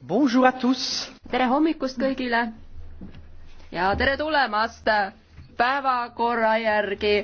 Bonjour à tous! tere hommikust kõigile ja tere tulemast päevakorra järgi